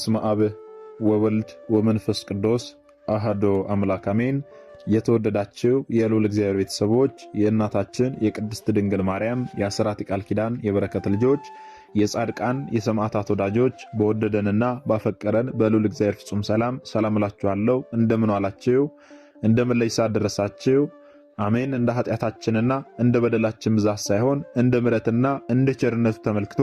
በስመ አብ ወወልድ ወመንፈስ ቅዱስ አህዶ አምላክ አሜን። የተወደዳችሁ የልዑል እግዚአብሔር ቤተሰቦች የእናታችን የቅድስት ድንግል ማርያም የአስራት የቃል ኪዳን የበረከት ልጆች የጻድቃን የሰማዕታት ወዳጆች በወደደንና ባፈቀረን በልዑል እግዚአብሔር ፍጹም ሰላም ሰላም እላችኋለሁ። እንደምን ዋላችሁ? እንደምን ለይሳ ደረሳችሁ? አሜን። እንደ ኃጢአታችንና እንደ በደላችን ብዛት ሳይሆን እንደ ምረትና እንደ ቸርነቱ ተመልክቶ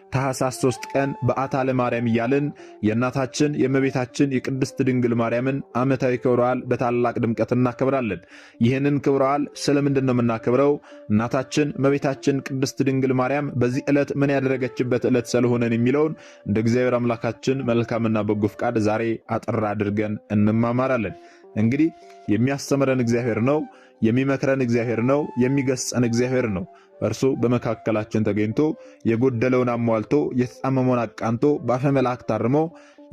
ታኅሳስ 3 ቀን በዓታ ለማርያም እያልን የእናታችን የእመቤታችን የቅድስት ድንግል ማርያምን ዓመታዊ ክብረ በዓል በታላቅ ድምቀት እናከብራለን። ይህንን ክብረ በዓል ስለምንድን ነው የምናከብረው? እናታችን እመቤታችን ቅድስት ድንግል ማርያም በዚህ ዕለት ምን ያደረገችበት ዕለት ስለሆነን የሚለውን እንደ እግዚአብሔር አምላካችን መልካምና በጎ ፍቃድ ዛሬ አጠር አድርገን እንማማራለን። እንግዲህ የሚያስተምረን እግዚአብሔር ነው፣ የሚመክረን እግዚአብሔር ነው፣ የሚገስጸን እግዚአብሔር ነው። እርሱ በመካከላችን ተገኝቶ የጎደለውን አሟልቶ የተጣመመውን አቃንቶ በአፈ መልአክ ታርሞ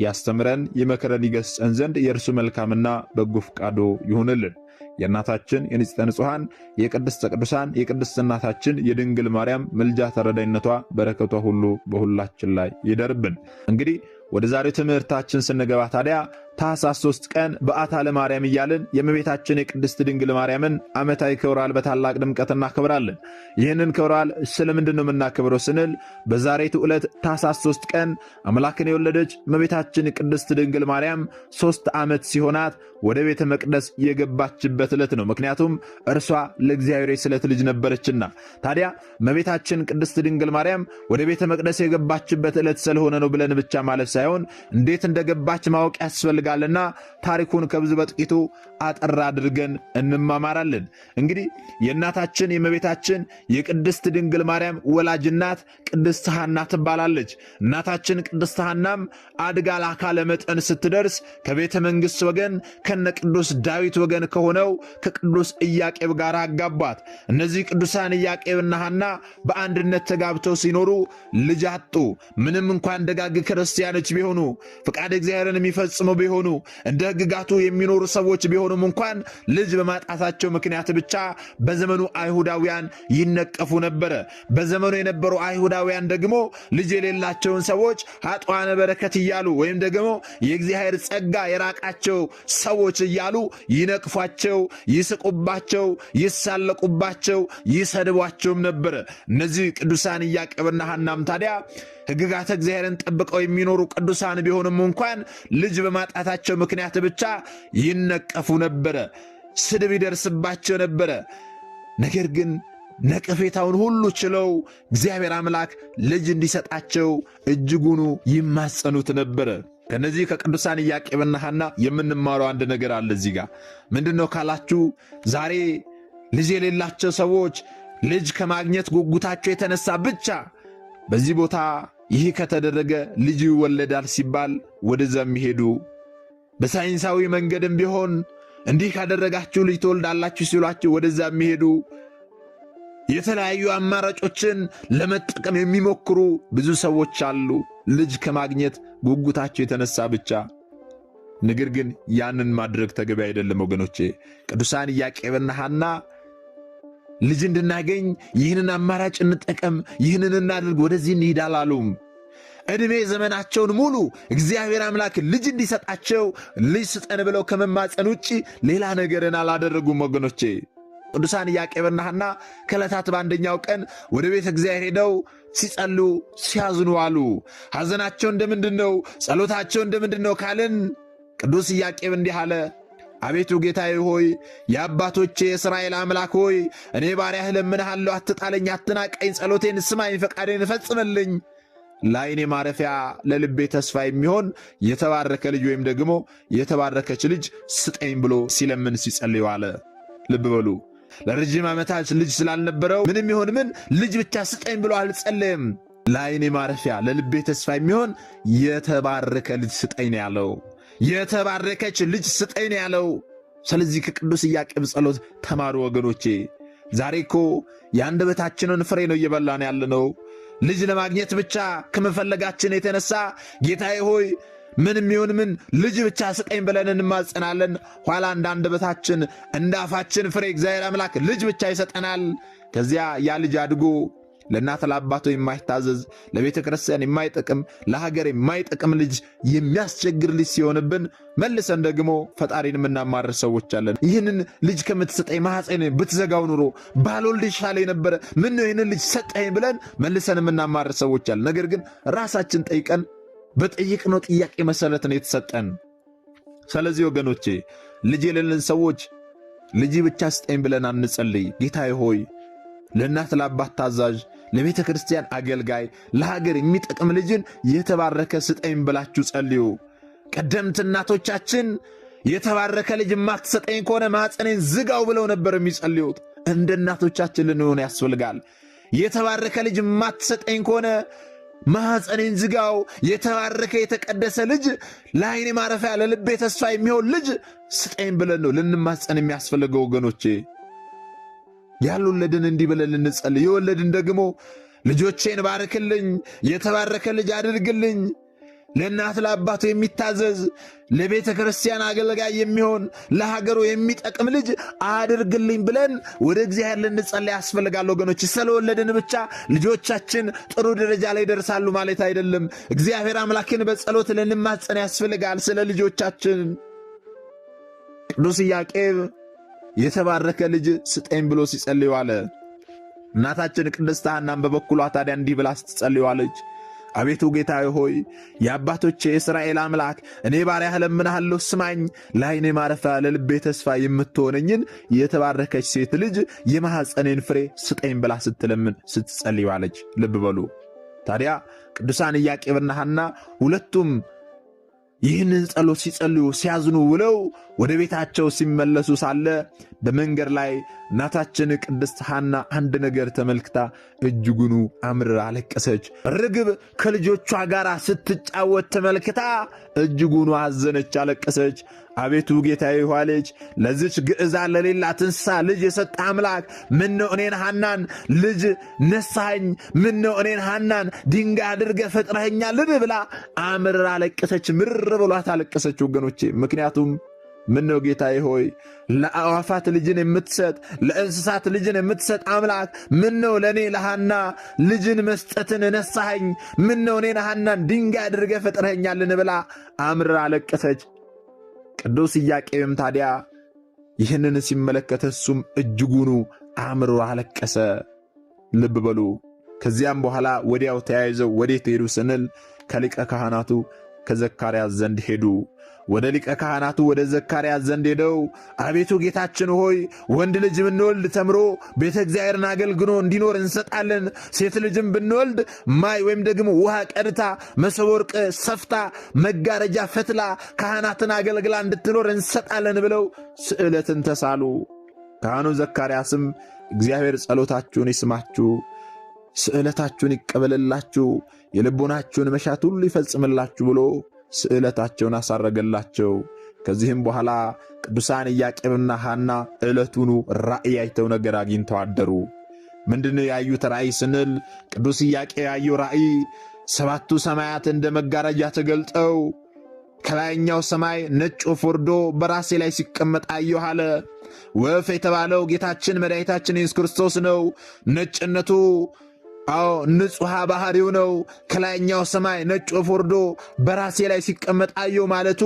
ያስተምረን፣ ይመክረን፣ ይገስጸን ዘንድ የእርሱ መልካምና በጎ ፍቃዱ ይሁንልን። የእናታችን የንጽሕተ ንጹሐን የቅድስተ ቅዱሳን የቅድስት እናታችን የድንግል ማርያም ምልጃ ተረዳይነቷ በረከቷ ሁሉ በሁላችን ላይ ይደርብን። እንግዲህ ወደ ዛሬው ትምህርታችን ስንገባ ታዲያ ታኅሳስ 3 ቀን በዓታ ለማርያም እያልን የእመቤታችን የቅድስት ድንግል ማርያምን ዓመታዊ ክብራል በታላቅ ድምቀት እናከብራለን። ይህንን ክብራል በዓል ስለምንድን ነው የምናከብረው ስንል በዛሬቱ ዕለት ታኅሳስ 3 ቀን አምላክን የወለደች እመቤታችን ቅድስት ድንግል ማርያም ሶስት ዓመት ሲሆናት ወደ ቤተ መቅደስ የገባችበት ዕለት ነው። ምክንያቱም እርሷ ለእግዚአብሔር የስለት ልጅ ነበረችና። ታዲያ እመቤታችን ቅድስት ድንግል ማርያም ወደ ቤተ መቅደስ የገባችበት ዕለት ስለሆነ ነው ብለን ብቻ ማለፍ ሳይሆን እንዴት እንደገባች ማወቅ ያስፈልጋል። ያደርጋልና ታሪኩን ከብዙ በጥቂቱ አጠር አድርገን እንማማራለን። እንግዲህ የእናታችን የእመቤታችን የቅድስት ድንግል ማርያም ወላጅ እናት ቅድስት ሐና ትባላለች። እናታችን ቅድስት ሐናም አድጋ ለአካለ መጠን ስትደርስ ከቤተ መንግሥት ወገን ከነ ቅዱስ ዳዊት ወገን ከሆነው ከቅዱስ እያቄብ ጋር አጋቧት እነዚህ ቅዱሳን እያቄብና ሐና በአንድነት ተጋብተው ሲኖሩ ልጅ አጡ። ምንም እንኳን ደጋግ ክርስቲያኖች ቢሆኑ ፍቃድ እግዚአብሔርን የሚፈጽሙ ቢሆኑ ቢሆኑ እንደ ሕግጋቱ የሚኖሩ ሰዎች ቢሆኑም እንኳን ልጅ በማጣታቸው ምክንያት ብቻ በዘመኑ አይሁዳውያን ይነቀፉ ነበረ። በዘመኑ የነበሩ አይሁዳውያን ደግሞ ልጅ የሌላቸውን ሰዎች ኃጥዋነ በረከት እያሉ ወይም ደግሞ የእግዚአብሔር ጸጋ የራቃቸው ሰዎች እያሉ ይነቅፏቸው፣ ይስቁባቸው፣ ይሳለቁባቸው፣ ይሰድቧቸውም ነበረ። እነዚህ ቅዱሳን ኢያቄምና ሐናም ታዲያ ሕግጋተ እግዚአብሔርን ጠብቀው የሚኖሩ ቅዱሳን ቢሆንም እንኳን ልጅ በማጣታቸው ምክንያት ብቻ ይነቀፉ ነበረ፣ ስድብ ይደርስባቸው ነበረ። ነገር ግን ነቀፌታውን ሁሉ ችለው እግዚአብሔር አምላክ ልጅ እንዲሰጣቸው እጅጉኑ ይማጸኑት ነበረ። ከነዚህ ከቅዱሳን ኢያቄምና ሐና የምንማረው አንድ ነገር አለ እዚህ ጋር ምንድን ነው ካላችሁ፣ ዛሬ ልጅ የሌላቸው ሰዎች ልጅ ከማግኘት ጉጉታቸው የተነሳ ብቻ በዚህ ቦታ ይህ ከተደረገ ልጅ ይወለዳል ሲባል ወደዛ የሚሄዱ በሳይንሳዊ መንገድም ቢሆን እንዲህ ካደረጋችሁ ልጅ ትወልዳላችሁ ሲሏችሁ ወደዛ የሚሄዱ የተለያዩ አማራጮችን ለመጠቀም የሚሞክሩ ብዙ ሰዎች አሉ። ልጅ ከማግኘት ጉጉታቸው የተነሳ ብቻ። ነገር ግን ያንን ማድረግ ተገቢ አይደለም ወገኖቼ። ቅዱሳን ኢያቄምና ሐና ልጅ እንድናገኝ ይህንን አማራጭ እንጠቀም፣ ይህንን እናድርግ፣ ወደዚህ እንሂድ አላሉም። ዕድሜ ዘመናቸውን ሙሉ እግዚአብሔር አምላክ ልጅ እንዲሰጣቸው ልጅ ስጠን ብለው ከመማፀን ውጭ ሌላ ነገርን አላደረጉም ወገኖቼ። ቅዱሳን ኢያቄምና ሐና ከዕለታት በአንደኛው ቀን ወደ ቤተ እግዚአብሔር ሄደው ሲጸሉ ሲያዝኑ አሉ። ሐዘናቸው እንደምንድን ነው? ጸሎታቸው እንደምንድን ነው ካልን ቅዱስ ኢያቄም እንዲህ አለ። አቤቱ ጌታዬ ሆይ የአባቶቼ የእስራኤል አምላክ ሆይ እኔ ባሪያህ ለምንሃለሁ፣ አትጣለኝ፣ አትናቀኝ፣ ጸሎቴን ስማኝ፣ ፈቃዴን እፈጽምልኝ። ለዓይኔ ማረፊያ ለልቤ ተስፋ የሚሆን የተባረከ ልጅ ወይም ደግሞ የተባረከች ልጅ ስጠኝ ብሎ ሲለምን ሲጸልዩ አለ። ልብ በሉ ለረጅም ዓመታት ልጅ ስላልነበረው ምንም ይሆን ምን ልጅ ብቻ ስጠኝ ብሎ አልጸለየም። ለዓይኔ ማረፊያ ለልቤ ተስፋ የሚሆን የተባረከ ልጅ ስጠኝ ያለው የተባረከች ልጅ ስጠኝ ያለው። ስለዚህ ከቅዱስ ኢያቄም ጸሎት ተማሩ ወገኖቼ። ዛሬ እኮ የአንደበታችንን ፍሬ ነው እየበላን ያለነው። ልጅ ለማግኘት ብቻ ከመፈለጋችን የተነሳ ጌታዬ ሆይ ምንም ይሁን ምን ልጅ ብቻ ስጠኝ ብለን እንማጸናለን። ኋላ እንደ አንደበታችን እንደ አፋችን ፍሬ እግዚአብሔር አምላክ ልጅ ብቻ ይሰጠናል። ከዚያ ያ ልጅ አድጎ ለእናት ለአባቱ የማይታዘዝ ለቤተ ክርስቲያን የማይጠቅም ለሀገር የማይጠቅም ልጅ የሚያስቸግር ልጅ ሲሆንብን መልሰን ደግሞ ፈጣሪን የምናማር ሰዎች አለን። ይህንን ልጅ ከምትሰጠኝ ማሕፀን ብትዘጋው ኑሮ ባልወልድ ይሻለኝ ነበረ፣ ምነው ይህንን ልጅ ሰጠኝ ብለን መልሰን የምናማር ሰዎች አለን። ነገር ግን ራሳችን ጠይቀን በጠየቅነው ጥያቄ መሰረት ነው የተሰጠን። ስለዚህ ወገኖቼ ልጅ የሌለን ሰዎች ልጅ ብቻ ስጠኝ ብለን አንጸልይ። ጌታዬ ሆይ ለእናት ለአባት ታዛዥ ለቤተ ክርስቲያን አገልጋይ፣ ለሀገር የሚጠቅም ልጅን የተባረከ ስጠኝ ብላችሁ ጸልዩ። ቀደምት እናቶቻችን የተባረከ ልጅ የማትሰጠኝ ከሆነ ማኅፀኔን ዝጋው ብለው ነበር የሚጸልዩት። እንደ እናቶቻችን ልንሆን ያስፈልጋል። የተባረከ ልጅ የማትሰጠኝ ከሆነ ማኅፀኔን ዝጋው፣ የተባረከ የተቀደሰ ልጅ ለዓይኔ ማረፊያ ለልቤ ተስፋ የሚሆን ልጅ ስጠኝ ብለን ነው ልንማፀን የሚያስፈልገው ወገኖቼ። ያልወለድን እንዲህ ብለን የወለድን ደግሞ ልጆቼን ባርክልኝ፣ የተባረከ ልጅ አድርግልኝ፣ ለእናት ለአባቱ የሚታዘዝ ለቤተ ክርስቲያን አገልጋይ የሚሆን ለሀገሩ የሚጠቅም ልጅ አድርግልኝ ብለን ወደ እግዚአብሔር ልንጸል ያስፈልጋል። ወገኖች ስለወለድን ብቻ ልጆቻችን ጥሩ ደረጃ ላይ ይደርሳሉ ማለት አይደለም። እግዚአብሔር አምላክን በጸሎት ልንማጸን ያስፈልጋል ስለ ልጆቻችን ቅዱስ ኢያቄም የተባረከ ልጅ ስጠኝ ብሎ ሲጸልዩ አለ። እናታችን ቅድስት ሐናም በበኩሏ ታዲያ እንዲህ ብላ ስትጸልዩዋለች። አቤቱ ጌታዬ ሆይ የአባቶቼ የእስራኤል አምላክ እኔ ባሪያህ እለምንሃለሁ፣ ስማኝ። ለዓይኔ ማረፊያ ለልቤ ተስፋ የምትሆነኝን የተባረከች ሴት ልጅ የማሐፀኔን ፍሬ ስጠኝ ብላ ስትለምን ስትጸልዩዋለች። ልብ በሉ ታዲያ ቅዱሳን ኢያቄምና ሐና ሁለቱም ይህንን ጸሎት ሲጸልዩ ሲያዝኑ ውለው ወደ ቤታቸው ሲመለሱ ሳለ በመንገድ ላይ እናታችን ቅድስት ሐና አንድ ነገር ተመልክታ እጅጉኑ አምርር አለቀሰች። ርግብ ከልጆቿ ጋር ስትጫወት ተመልክታ እጅጉኑ አዘነች፣ አለቀሰች። አቤቱ ጌታ ውኃ ልጅ ለዚች ግዕዛን ለሌላት እንስሳ ልጅ የሰጠ አምላክ ምን እኔን ሐናን ልጅ ነሳኸኝ? ምን ነው እኔን ሐናን ድንጋይ አድርገህ ፈጥረኸኛልን? ብላ አምርራ አለቀሰች። ምር ብሏት አለቀሰች ወገኖቼ። ምክንያቱም ምን ነው ጌታዬ ሆይ ለአዋፋት ልጅን የምትሰጥ ለእንስሳት ልጅን የምትሰጥ አምላክ ምን ነው ለእኔ ለሐና ልጅን መስጠትን ነሳኸኝ? ምን ነው እኔን ሐናን ድንጋይ አድርገ ፈጥረኸኛልን? ብላ አምርራ አለቀሰች። ቅዱስ ኢያቄምም ታዲያ ይህንን ሲመለከት እሱም እጅጉኑ አእምሮ አለቀሰ። ልብ በሉ። ከዚያም በኋላ ወዲያው ተያይዘው ወዴት ሄዱ ስንል ከሊቀ ካህናቱ ከዘካርያስ ዘንድ ሄዱ። ወደ ሊቀ ካህናቱ ወደ ዘካርያስ ዘንድ ሄደው አቤቱ ጌታችን ሆይ ወንድ ልጅ ብንወልድ ተምሮ ቤተ እግዚአብሔርን አገልግሎ እንዲኖር እንሰጣለን። ሴት ልጅም ብንወልድ ማይ ወይም ደግሞ ውሃ ቀድታ መሰብ ወርቅ ሰፍታ መጋረጃ ፈትላ ካህናትን አገልግላ እንድትኖር እንሰጣለን ብለው ስዕለትን ተሳሉ። ካህኑ ዘካርያስም እግዚአብሔር ጸሎታችሁን ይስማችሁ ስዕለታችሁን ይቀበልላችሁ፣ የልቦናችሁን መሻት ሁሉ ይፈጽምላችሁ ብሎ ስዕለታቸውን አሳረገላቸው። ከዚህም በኋላ ቅዱሳን ኢያቄምና ሐና ዕለቱኑ ራእይ አይተው ነገር አግኝተው አደሩ። ምንድን ያዩት ራእይ ስንል ቅዱስ ኢያቄም ያየው ራእይ ሰባቱ ሰማያት እንደ መጋረጃ ተገልጠው ከላይኛው ሰማይ ነጭ ወፍ ወርዶ በራሴ ላይ ሲቀመጥ አየሁ አለ። ወፍ የተባለው ጌታችን መድኃኒታችን ኢየሱስ ክርስቶስ ነው። ነጭነቱ አዎ ንጹሐ ባሕሪው ነው። ከላይኛው ሰማይ ነጭ ወፍ ወርዶ በራሴ ላይ ሲቀመጥ አየሁ ማለቱ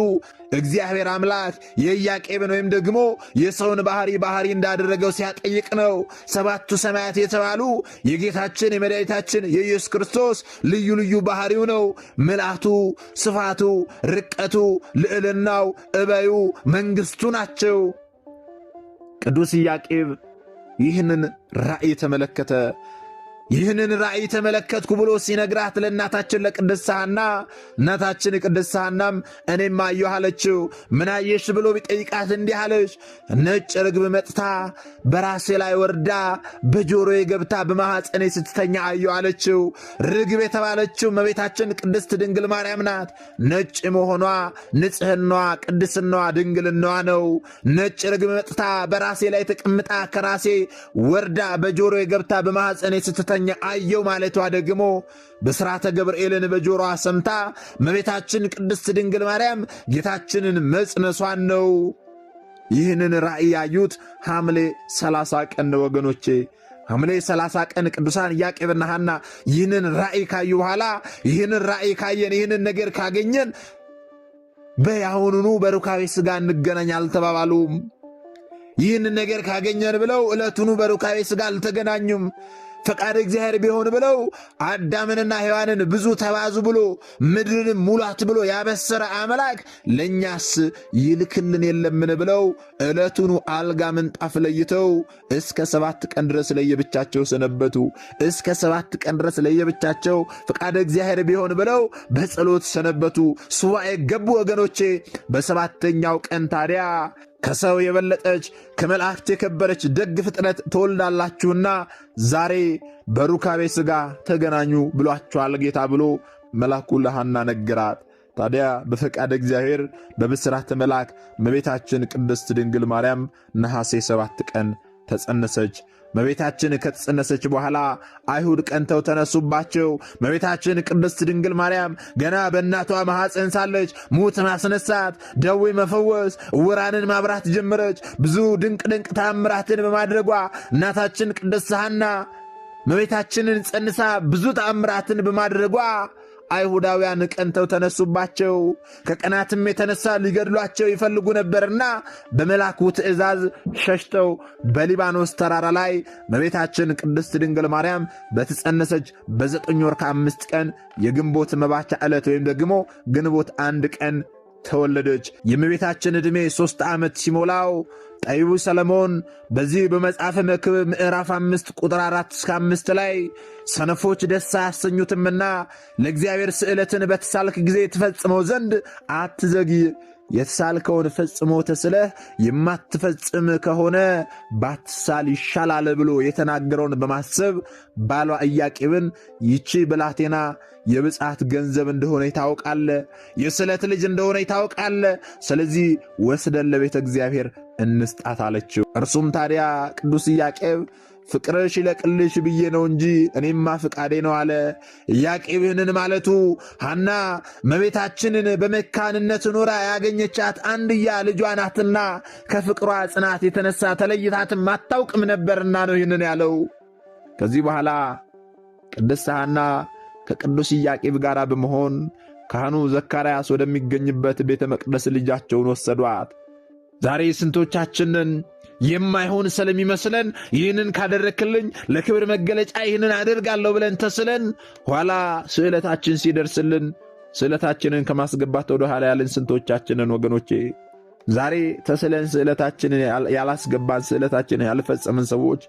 እግዚአብሔር አምላክ የኢያቄምን ወይም ደግሞ የሰውን ባሕሪ ባሕሪ እንዳደረገው ሲያጠይቅ ነው። ሰባቱ ሰማያት የተባሉ የጌታችን የመድኃኒታችን የኢየሱስ ክርስቶስ ልዩ ልዩ ባሕሪው ነው። ምልአቱ፣ ስፋቱ፣ ርቀቱ፣ ልዕልናው፣ እበዩ፣ መንግሥቱ ናቸው። ቅዱስ ኢያቄም ይህንን ራእይ ተመለከተ። ይህንን ራእይ ተመለከትኩ ብሎ ሲነግራት ለእናታችን ለቅድስት ሐና እናታችን ቅድስት ሐናም እኔም አየሁ አለችው። ምን አየሽ ብሎ ቢጠይቃት እንዲህ አለች፣ ነጭ ርግብ መጥታ በራሴ ላይ ወርዳ በጆሮዬ ገብታ በማኅፀኔ ስትተኛ አየሁ አለችው። ርግብ የተባለችው እመቤታችን ቅድስት ድንግል ማርያም ናት። ነጭ መሆኗ ንጽሕናዋ፣ ቅድስናዋ፣ ድንግልናዋ ነው። ነጭ ርግብ መጥታ በራሴ ላይ ተቀምጣ ከራሴ ወርዳ በጆሮዬ ገብታ በማኅፀኔ ስትተኛ ዳኛ አየው ማለቷ ደግሞ ብሥራተ ገብርኤልን በጆሮዋ ሰምታ እመቤታችን ቅድስት ድንግል ማርያም ጌታችንን መጽነሷን ነው። ይህንን ራእይ ያዩት ሐምሌ 30 ቀን ወገኖቼ። ሐምሌ 30 ቀን ቅዱሳን ኢያቄምና ሐና ይህንን ራእይ ካዩ በኋላ ይህንን ራእይ ካየን ይህንን ነገር ካገኘን በያሁኑኑ በሩካቤ ሥጋ እንገናኝ አልተባባሉም። ይህን ነገር ካገኘን ብለው ዕለቱኑ በሩካቤ ሥጋ አልተገናኙም። ፈቃድ እግዚአብሔር ቢሆን ብለው አዳምንና ሔዋንን ብዙ ተባዙ ብሎ ምድርንም ሙሏት ብሎ ያበሰረ አምላክ ለእኛስ ይልክልን የለምን ብለው ዕለቱኑ አልጋ ምንጣፍ ለይተው እስከ ሰባት ቀን ድረስ ለየብቻቸው ሰነበቱ። እስከ ሰባት ቀን ድረስ ለየብቻቸው ፈቃድ እግዚአብሔር ቢሆን ብለው በጸሎት ሰነበቱ። ሱባኤ ገቡ ወገኖቼ። በሰባተኛው ቀን ታዲያ ከሰው የበለጠች ከመላእክት የከበረች ደግ ፍጥረት ትወልዳላችሁና ዛሬ በሩካቤ ሥጋ ተገናኙ ብሏችኋል ጌታ ብሎ መልአኩ ለሐና ነገራት። ታዲያ በፈቃድ እግዚአብሔር በብስራተ መልአክ እመቤታችን ቅድስት ድንግል ማርያም ነሐሴ ሰባት ቀን ተጸነሰች። እመቤታችን ከተጸነሰች በኋላ አይሁድ ቀንተው ተነሱባቸው። እመቤታችን ቅድስት ድንግል ማርያም ገና በእናቷ ማሐፀን ሳለች ሙት ማስነሳት፣ ደዌ መፈወስ፣ እውራንን ማብራት ጀመረች። ብዙ ድንቅ ድንቅ ታምራትን በማድረጓ እናታችን ቅድስት ሐና እመቤታችንን ጸንሳ ብዙ ታምራትን በማድረጓ አይሁዳውያን ቀንተው ተነሱባቸው። ከቀናትም የተነሳ ሊገድሏቸው ይፈልጉ ነበርና በመልአኩ ትእዛዝ ሸሽተው በሊባኖስ ተራራ ላይ በቤታችን ቅድስት ድንግል ማርያም በተጸነሰች በዘጠኝ ወር ከአምስት ቀን የግንቦት መባቻ ዕለት ወይም ደግሞ ግንቦት አንድ ቀን ተወለደች። የእመቤታችን ዕድሜ ሦስት ዓመት ሲሞላው ጠቢቡ ሰለሞን በዚህ በመጽሐፈ መክብብ ምዕራፍ አምስት ቁጥር አራት እስከ አምስት ላይ ሰነፎች ደስ አያሰኙትምና ለእግዚአብሔር ስዕለትን በተሳልክ ጊዜ ትፈጽመው ዘንድ አትዘግይ የተሳልከውን ፈጽሞ ተስለህ የማትፈጽም ከሆነ ባትሳል ይሻላል ብሎ የተናገረውን በማሰብ ባሏ እያቄብን ይቺ ብላቴና የብጻት ገንዘብ እንደሆነ ይታወቃለ፣ የስለት ልጅ እንደሆነ ይታወቃለ። ስለዚህ ወስደን ለቤተ እግዚአብሔር እንስጣት አለችው። እርሱም ታዲያ ቅዱስ እያቄብ ፍቅርሽ ይለቅልሽ ብዬ ነው እንጂ እኔማ ፍቃዴ ነው አለ። ኢያቄምንን ማለቱ ሐና እመቤታችንን በመካንነት ኖራ ያገኘቻት አንድያ ልጇ ናትና ከፍቅሯ ጽናት የተነሳ ተለይታትም አታውቅም ነበርና ነው ይህንን ያለው። ከዚህ በኋላ ቅድስት ሐና ከቅዱስ ኢያቄም ጋር በመሆን ካህኑ ዘካርያስ ወደሚገኝበት ቤተ መቅደስ ልጃቸውን ወሰዷት። ዛሬ ስንቶቻችንን የማይሆን ስለሚመስለን ይህንን ካደረክልኝ ለክብር መገለጫ ይህንን አደርጋለሁ ብለን ተስለን ኋላ ስዕለታችን ሲደርስልን ስዕለታችንን ከማስገባት ወደ ኋላ ያለን ስንቶቻችንን ወገኖቼ ዛሬ ተስለን ስዕለታችንን ያላስገባን ስዕለታችንን ያልፈጸምን ሰዎች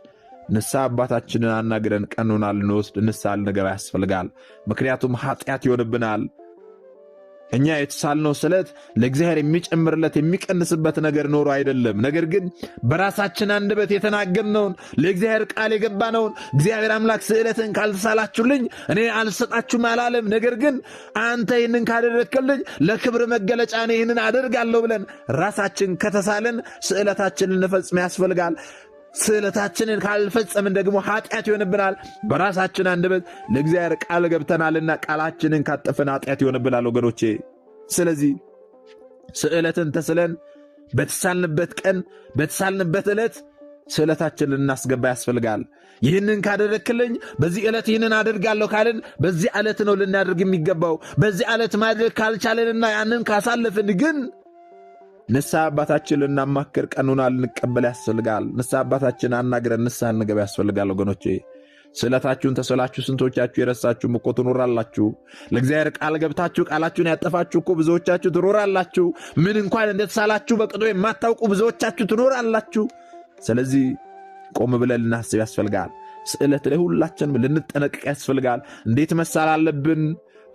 ንስሐ አባታችንን አናግረን ቀኑና ልንወስድ ንስሐ ልንገባ ያስፈልጋል። ምክንያቱም ኃጢአት ይሆንብናል። እኛ የተሳልነው ስለት ለእግዚአብሔር የሚጨምርለት የሚቀንስበት ነገር ኖሮ አይደለም። ነገር ግን በራሳችን አንደበት የተናገርነውን ለእግዚአብሔር ቃል የገባነውን እግዚአብሔር አምላክ ስዕለትን ካልተሳላችሁልኝ እኔ አልሰጣችሁም አላለም። ነገር ግን አንተ ይህንን ካደረግክልኝ ለክብር መገለጫ እኔ ይህንን አደርጋለሁ ብለን ራሳችን ከተሳለን ስዕለታችንን ልንፈጽም ያስፈልጋል። ስዕለታችንን ካልፈጸምን ደግሞ ኃጢአት ይሆንብናል። በራሳችን አንደበት ለእግዚአብሔር ቃል ገብተናልና ቃላችንን ካጠፈን ኃጢአት ይሆንብናል ወገኖቼ። ስለዚህ ስዕለትን ተስለን በተሳልንበት ቀን በተሳልንበት ዕለት ስዕለታችንን ልናስገባ ያስፈልጋል። ይህንን ካደረክልኝ በዚህ ዕለት ይህንን አደርጋለሁ ካልን በዚህ ዕለት ነው ልናደርግ የሚገባው። በዚህ ዕለት ማድረግ ካልቻለንና ያንን ካሳለፍን ግን ንስሐ አባታችን ልናማክር ቀኑና ልንቀበል ያስፈልጋል። ንስሐ አባታችን አናግረን ንስሐ ልንገባ ያስፈልጋል። ወገኖቼ ስዕለታችሁን ተስላችሁ ስንቶቻችሁ የረሳችሁ እኮ ትኖራላችሁ። ለእግዚአብሔር ቃል ገብታችሁ ቃላችሁን ያጠፋችሁ እኮ ብዙዎቻችሁ ትኖራላችሁ። ምን እንኳን እንደተሳላችሁ በቅዶ የማታውቁ ብዙዎቻችሁ ትኖራላችሁ። ስለዚህ ቆም ብለን ልናስብ ያስፈልጋል። ስዕለት ላይ ሁላችንም ልንጠነቀቅ ያስፈልጋል። እንዴት መሳል አለብን?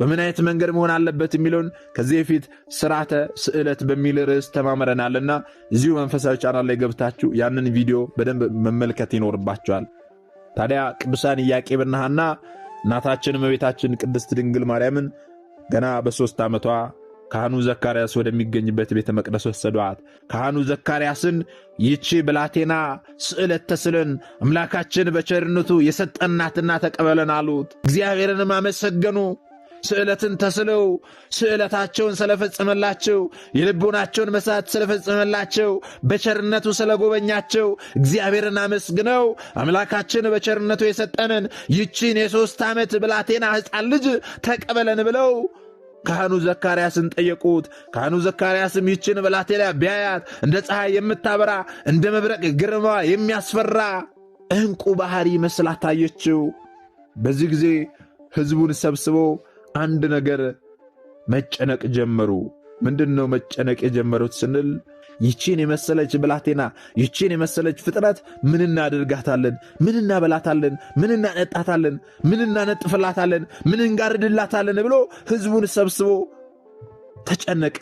በምን አይነት መንገድ መሆን አለበት የሚለውን ከዚህ በፊት ስርዓተ ስዕለት በሚል ርዕስ ተማምረናልና እዚሁ መንፈሳዊ ቻናል ላይ ገብታችሁ ያንን ቪዲዮ በደንብ መመልከት ይኖርባችኋል። ታዲያ ቅዱሳን ኢያቄምና ሐና እናታችን እመቤታችን ቅድስት ድንግል ማርያምን ገና በሦስት ዓመቷ ካህኑ ዘካርያስ ወደሚገኝበት ቤተ መቅደስ ወሰዷት። ካህኑ ዘካርያስን ይቺ ብላቴና ስዕለት ተስለን አምላካችን በቸርነቱ የሰጠናትና ተቀበለን አሉት። እግዚአብሔርንም አመሰገኑ። ስዕለትን ተስለው ስዕለታቸውን ስለፈጸመላቸው የልቦናቸውን መሳት ስለፈጸመላቸው በቸርነቱ ስለጎበኛቸው እግዚአብሔርን አመስግነው አምላካችን በቸርነቱ የሰጠንን ይቺን የሦስት ዓመት ብላቴና ሕፃን ልጅ ተቀበለን ብለው ካህኑ ዘካርያስን ጠየቁት። ካህኑ ዘካርያስም ይችን ብላቴና ቢያያት እንደ ፀሐይ የምታበራ እንደ መብረቅ ግርማ የሚያስፈራ ዕንቁ ባሕሪ መስላ ታየችው። በዚህ ጊዜ ሕዝቡን ሰብስቦ አንድ ነገር መጨነቅ ጀመሩ። ምንድን ነው መጨነቅ የጀመሩት ስንል ይቺን የመሰለች ብላቴና ይቺን የመሰለች ፍጥረት ምን እናደርጋታለን? ምን እናበላታለን? ምን እናነጣታለን? ምን እናነጥፍላታለን? ምን እንጋርድላታለን? ብሎ ህዝቡን ሰብስቦ ተጨነቀ።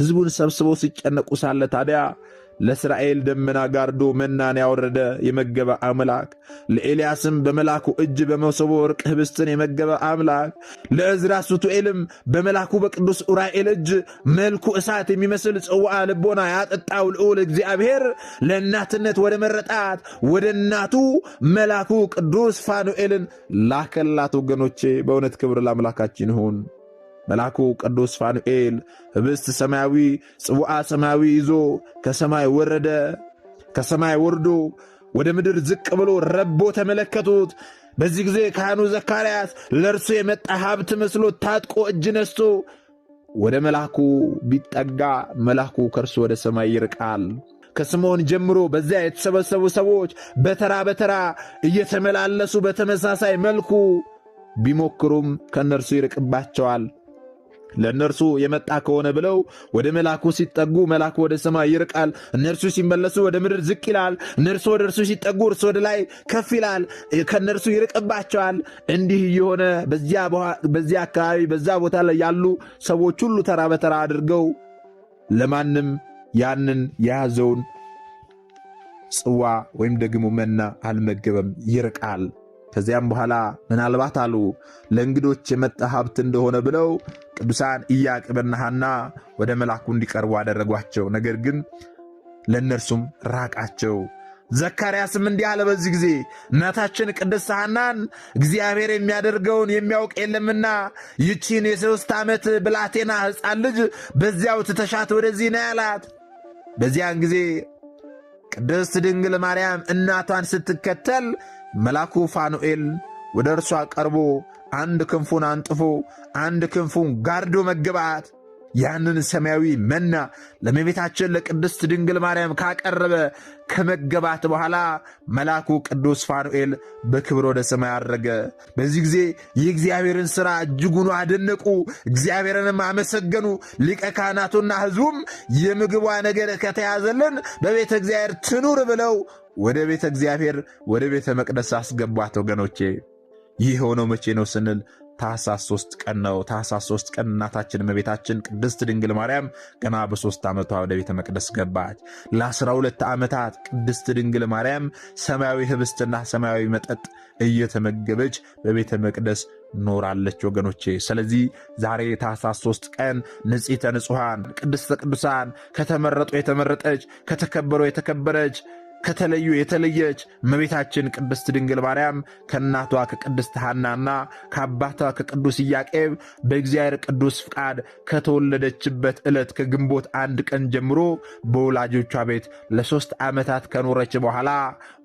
ህዝቡን ሰብስቦ ሲጨነቁ ሳለ ታዲያ ለእስራኤል ደመና ጋርዶ መናን ያወረደ የመገበ አምላክ፣ ለኤልያስም በመልአኩ እጅ በመሶበ ወርቅ ህብስትን የመገበ አምላክ፣ ለእዝራ ሱቱኤልም በመልአኩ በቅዱስ ኡራኤል እጅ መልኩ እሳት የሚመስል ጽዋዓ ልቦና ያጠጣው ልዑል እግዚአብሔር ለእናትነት ወደ መረጣት ወደ እናቱ መልአኩ ቅዱስ ፋኑኤልን ላከላት። ወገኖቼ በእውነት ክብር ለአምላካችን ይሁን። መልአኩ ቅዱስ ፋኑኤል ህብስት ሰማያዊ፣ ጽዋዓ ሰማያዊ ይዞ ከሰማይ ወረደ። ከሰማይ ወርዶ ወደ ምድር ዝቅ ብሎ ረቦ ተመለከቱት። በዚህ ጊዜ ካህኑ ዘካርያስ ለእርሱ የመጣ ሀብት መስሎ ታጥቆ እጅ ነስቶ ወደ መልአኩ ቢጠጋ መልአኩ ከእርሱ ወደ ሰማይ ይርቃል። ከስምዖን ጀምሮ በዚያ የተሰበሰቡ ሰዎች በተራ በተራ እየተመላለሱ በተመሳሳይ መልኩ ቢሞክሩም ከእነርሱ ይርቅባቸዋል። ለእነርሱ የመጣ ከሆነ ብለው ወደ መልአኩ ሲጠጉ መልአኩ ወደ ሰማይ ይርቃል። እነርሱ ሲመለሱ ወደ ምድር ዝቅ ይላል። እነርሱ ወደ እርሱ ሲጠጉ እርሱ ወደ ላይ ከፍ ይላል፣ ከእነርሱ ይርቅባቸዋል። እንዲህ እየሆነ በዚያ አካባቢ በዛ ቦታ ላይ ያሉ ሰዎች ሁሉ ተራ በተራ አድርገው ለማንም ያንን የያዘውን ጽዋ ወይም ደግሞ መና አልመገበም፣ ይርቃል። ከዚያም በኋላ ምናልባት አሉ ለእንግዶች የመጣ ሀብት እንደሆነ ብለው ቅዱሳን ኢያቄምና ሐና ወደ መልአኩ እንዲቀርቡ አደረጓቸው። ነገር ግን ለእነርሱም ራቃቸው። ዘካርያስም እንዲህ አለ በዚህ ጊዜ እናታችን ቅድስት ሐናን እግዚአብሔር የሚያደርገውን የሚያውቅ የለምና ይቺን የሦስት ዓመት ብላቴና ሕፃን ልጅ በዚያው ትተሻት ወደዚህ ና ያላት። በዚያን ጊዜ ቅድስት ድንግል ማርያም እናቷን ስትከተል መልአኩ ፋኑኤል ወደ እርሷ ቀርቦ አንድ ክንፉን አንጥፎ አንድ ክንፉን ጋርዶ መገባት ያንን ሰማያዊ መና ለመቤታችን ለቅድስት ድንግል ማርያም ካቀረበ ከመገባት በኋላ መልአኩ ቅዱስ ፋኑኤል በክብር ወደ ሰማይ አረገ። በዚህ ጊዜ የእግዚአብሔርን ሥራ እጅጉኑ አደነቁ፣ እግዚአብሔርንም አመሰገኑ። ሊቀ ካህናቱና ሕዝቡም የምግቧ ነገር ከተያዘልን በቤተ እግዚአብሔር ትኑር ብለው ወደ ቤተ እግዚአብሔር ወደ ቤተ መቅደስ አስገቧት። ወገኖቼ ይህ የሆነው መቼ ነው ስንል ታህሳስ ሶስት ቀን ነው። ታህሳስ ሶስት ቀን እናታችን እመቤታችን ቅድስት ድንግል ማርያም ገና በሶስት ዓመቷ ወደ ቤተ መቅደስ ገባች። ለአስራ ሁለት ዓመታት ቅድስት ድንግል ማርያም ሰማያዊ ህብስትና ሰማያዊ መጠጥ እየተመገበች በቤተ መቅደስ ኖራለች ወገኖቼ። ስለዚህ ዛሬ ታህሳስ ሶስት ቀን ንጽሕተ ንጹሐን ቅድስተ ቅዱሳን ከተመረጡ የተመረጠች ከተከበሩ የተከበረች ከተለዩ የተለየች እመቤታችን ቅድስት ድንግል ማርያም ከእናቷ ከቅድስት ሐናና ከአባቷ ከቅዱስ ኢያቄም በእግዚአብሔር ቅዱስ ፍቃድ ከተወለደችበት ዕለት ከግንቦት አንድ ቀን ጀምሮ በወላጆቿ ቤት ለሦስት ዓመታት ከኖረች በኋላ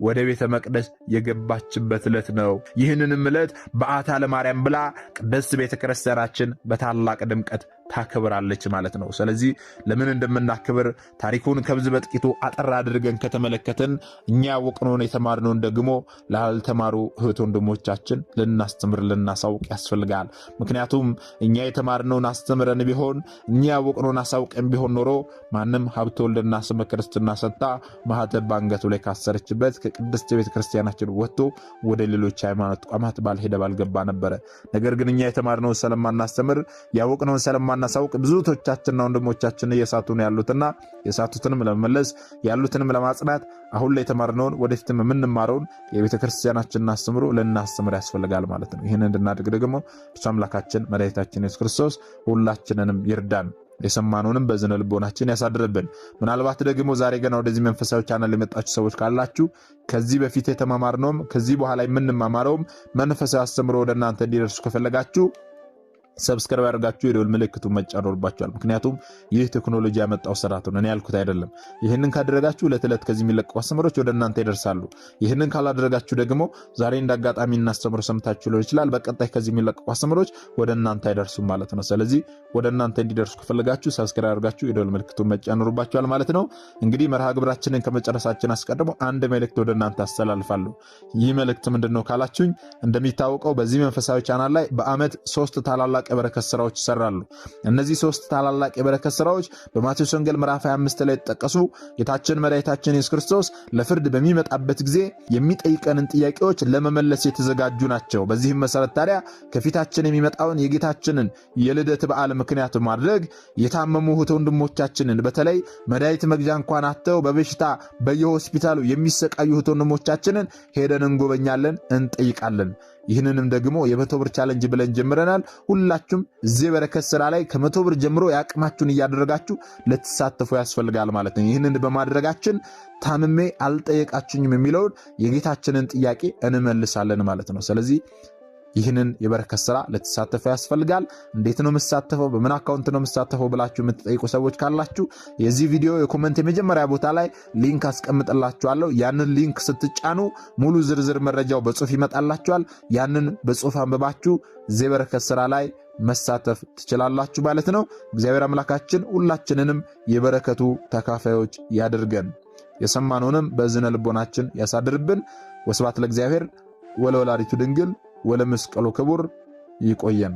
ወደ ቤተ መቅደስ የገባችበት ዕለት ነው። ይህንንም ዕለት በዓታ ለማርያም ብላ ቅድስት ቤተ ክርስቲያናችን በታላቅ ድምቀት ታከብራለች ማለት ነው። ስለዚህ ለምን እንደምናከብር ታሪኩን ከብዝ በጥቂቱ አጠር አድርገን ከተመለከትን እኛ ያወቅነውን የተማርነውን ደግሞ ላልተማሩ እህት ወንድሞቻችን ልናስተምር ልናሳውቅ ያስፈልጋል። ምክንያቱም እኛ የተማርነውን አስተምረን ቢሆን እኛ ያወቅነውን አሳውቀን ቢሆን ኖሮ ማንም ሀብተ ወልድና ስመ ክርስትና ሰጥታ ማህተብ በአንገቱ ላይ ካሰረችበት ከቅድስት ቤተ ክርስቲያናችን ወጥቶ ወደ ሌሎች ሃይማኖት ተቋማት ባልሄደ ባልገባ ነበረ። ነገር ግን እኛ የተማርነውን ስለማናስተምር ያወቅነውን ስለማ ሳናሳውቅ ብዙቶቻችንና ወንድሞቻችን እየሳቱ ነው ያሉትና የሳቱትንም ለመመለስ ያሉትንም ለማጽናት አሁን ላይ የተማርነውን ወደፊትም የምንማረውን የቤተክርስቲያናችንን አስተምሮ ልናስተምር ያስፈልጋል ማለት ነው። ይህን እንድናድግ ደግሞ እሱ አምላካችን መድኃኒታችን ኢየሱስ ክርስቶስ ሁላችንንም ይርዳን። የሰማነውንም በዝነ ልቦናችን ያሳድርብን። ምናልባት ደግሞ ዛሬ ገና ወደዚህ መንፈሳዊ ቻናል የመጣችሁ ሰዎች ካላችሁ ከዚህ በፊት የተማማርነውም ከዚህ በኋላ የምንማማረውም መንፈሳዊ አስተምሮ ወደ እናንተ እንዲደርሱ ከፈለጋችሁ ሰብስክራይብ ያደርጋችሁ የደወል ምልክቱ መጫን ይኖርባችኋል። ምክንያቱም ይህ ቴክኖሎጂ ያመጣው ስርዓት ነው፣ እኔ ያልኩት አይደለም። ይህንን ካደረጋችሁ ዕለት ዕለት ከዚህ የሚለቀቁ አስተምሮች ወደ እናንተ ይደርሳሉ። ይህንን ካላደረጋችሁ ደግሞ ዛሬ እንደ አጋጣሚ እናስተምሮ ሰምታችሁ ሊሆን ይችላል፣ በቀጣይ ከዚህ የሚለቀቁ አስተምሮች ወደ እናንተ አይደርሱም ማለት ነው። ስለዚህ ወደ እናንተ እንዲደርሱ ከፈለጋችሁ ሰብስክራይብ ያደርጋችሁ የደወል ምልክቱ መጫን ይኖርባችኋል ማለት ነው። እንግዲህ መርሃ ግብራችንን ከመጨረሳችን አስቀድሞ አንድ መልእክት ወደ እናንተ አስተላልፋለሁ። ይህ መልእክት ምንድን ነው ካላችሁኝ፣ እንደሚታወቀው በዚህ መንፈሳዊ ቻናል ላይ በአመት ሶስት ታላላቅ የበረከት ስራዎች ይሰራሉ። እነዚህ ሶስት ታላላቅ የበረከት ስራዎች በማቴዎስ ወንጌል ምዕራፍ 25 ላይ የተጠቀሱ ጌታችን መድኃኒታችን ኢየሱስ ክርስቶስ ለፍርድ በሚመጣበት ጊዜ የሚጠይቀንን ጥያቄዎች ለመመለስ የተዘጋጁ ናቸው። በዚህም መሰረት ታዲያ ከፊታችን የሚመጣውን የጌታችንን የልደት በዓል ምክንያት ማድረግ የታመሙ እህት ወንድሞቻችንን በተለይ መድኃኒት መግዣ እንኳን አተው በበሽታ በየሆስፒታሉ የሚሰቃዩ እህት ወንድሞቻችንን ሄደን እንጎበኛለን፣ እንጠይቃለን። ይህንንም ደግሞ የመቶ ብር ቻለንጅ ብለን ጀምረናል። ሁላችሁም እዚህ በረከት ስራ ላይ ከመቶ ብር ጀምሮ የአቅማችሁን እያደረጋችሁ ልትሳተፉ ያስፈልጋል ማለት ነው። ይህንን በማድረጋችን ታምሜ አልጠየቃችሁኝም የሚለውን የጌታችንን ጥያቄ እንመልሳለን ማለት ነው። ስለዚህ ይህንን የበረከት ስራ ልትሳተፉ ያስፈልጋል። እንዴት ነው የምሳተፈው? በምን አካውንት ነው የምሳተፈው ብላችሁ የምትጠይቁ ሰዎች ካላችሁ የዚህ ቪዲዮ የኮመንት የመጀመሪያ ቦታ ላይ ሊንክ አስቀምጥላችኋለሁ። ያንን ሊንክ ስትጫኑ ሙሉ ዝርዝር መረጃው በጽሁፍ ይመጣላችኋል። ያንን በጽሁፍ አንብባችሁ እዚህ የበረከት ስራ ላይ መሳተፍ ትችላላችሁ ማለት ነው። እግዚአብሔር አምላካችን ሁላችንንም የበረከቱ ተካፋዮች ያድርገን። የሰማነውንም በዝነ ልቦናችን ያሳድርብን። ወስብሐት ለእግዚአብሔር ወለወላዲቱ ድንግል ወለመስቀሉ ክቡር ይቆየን።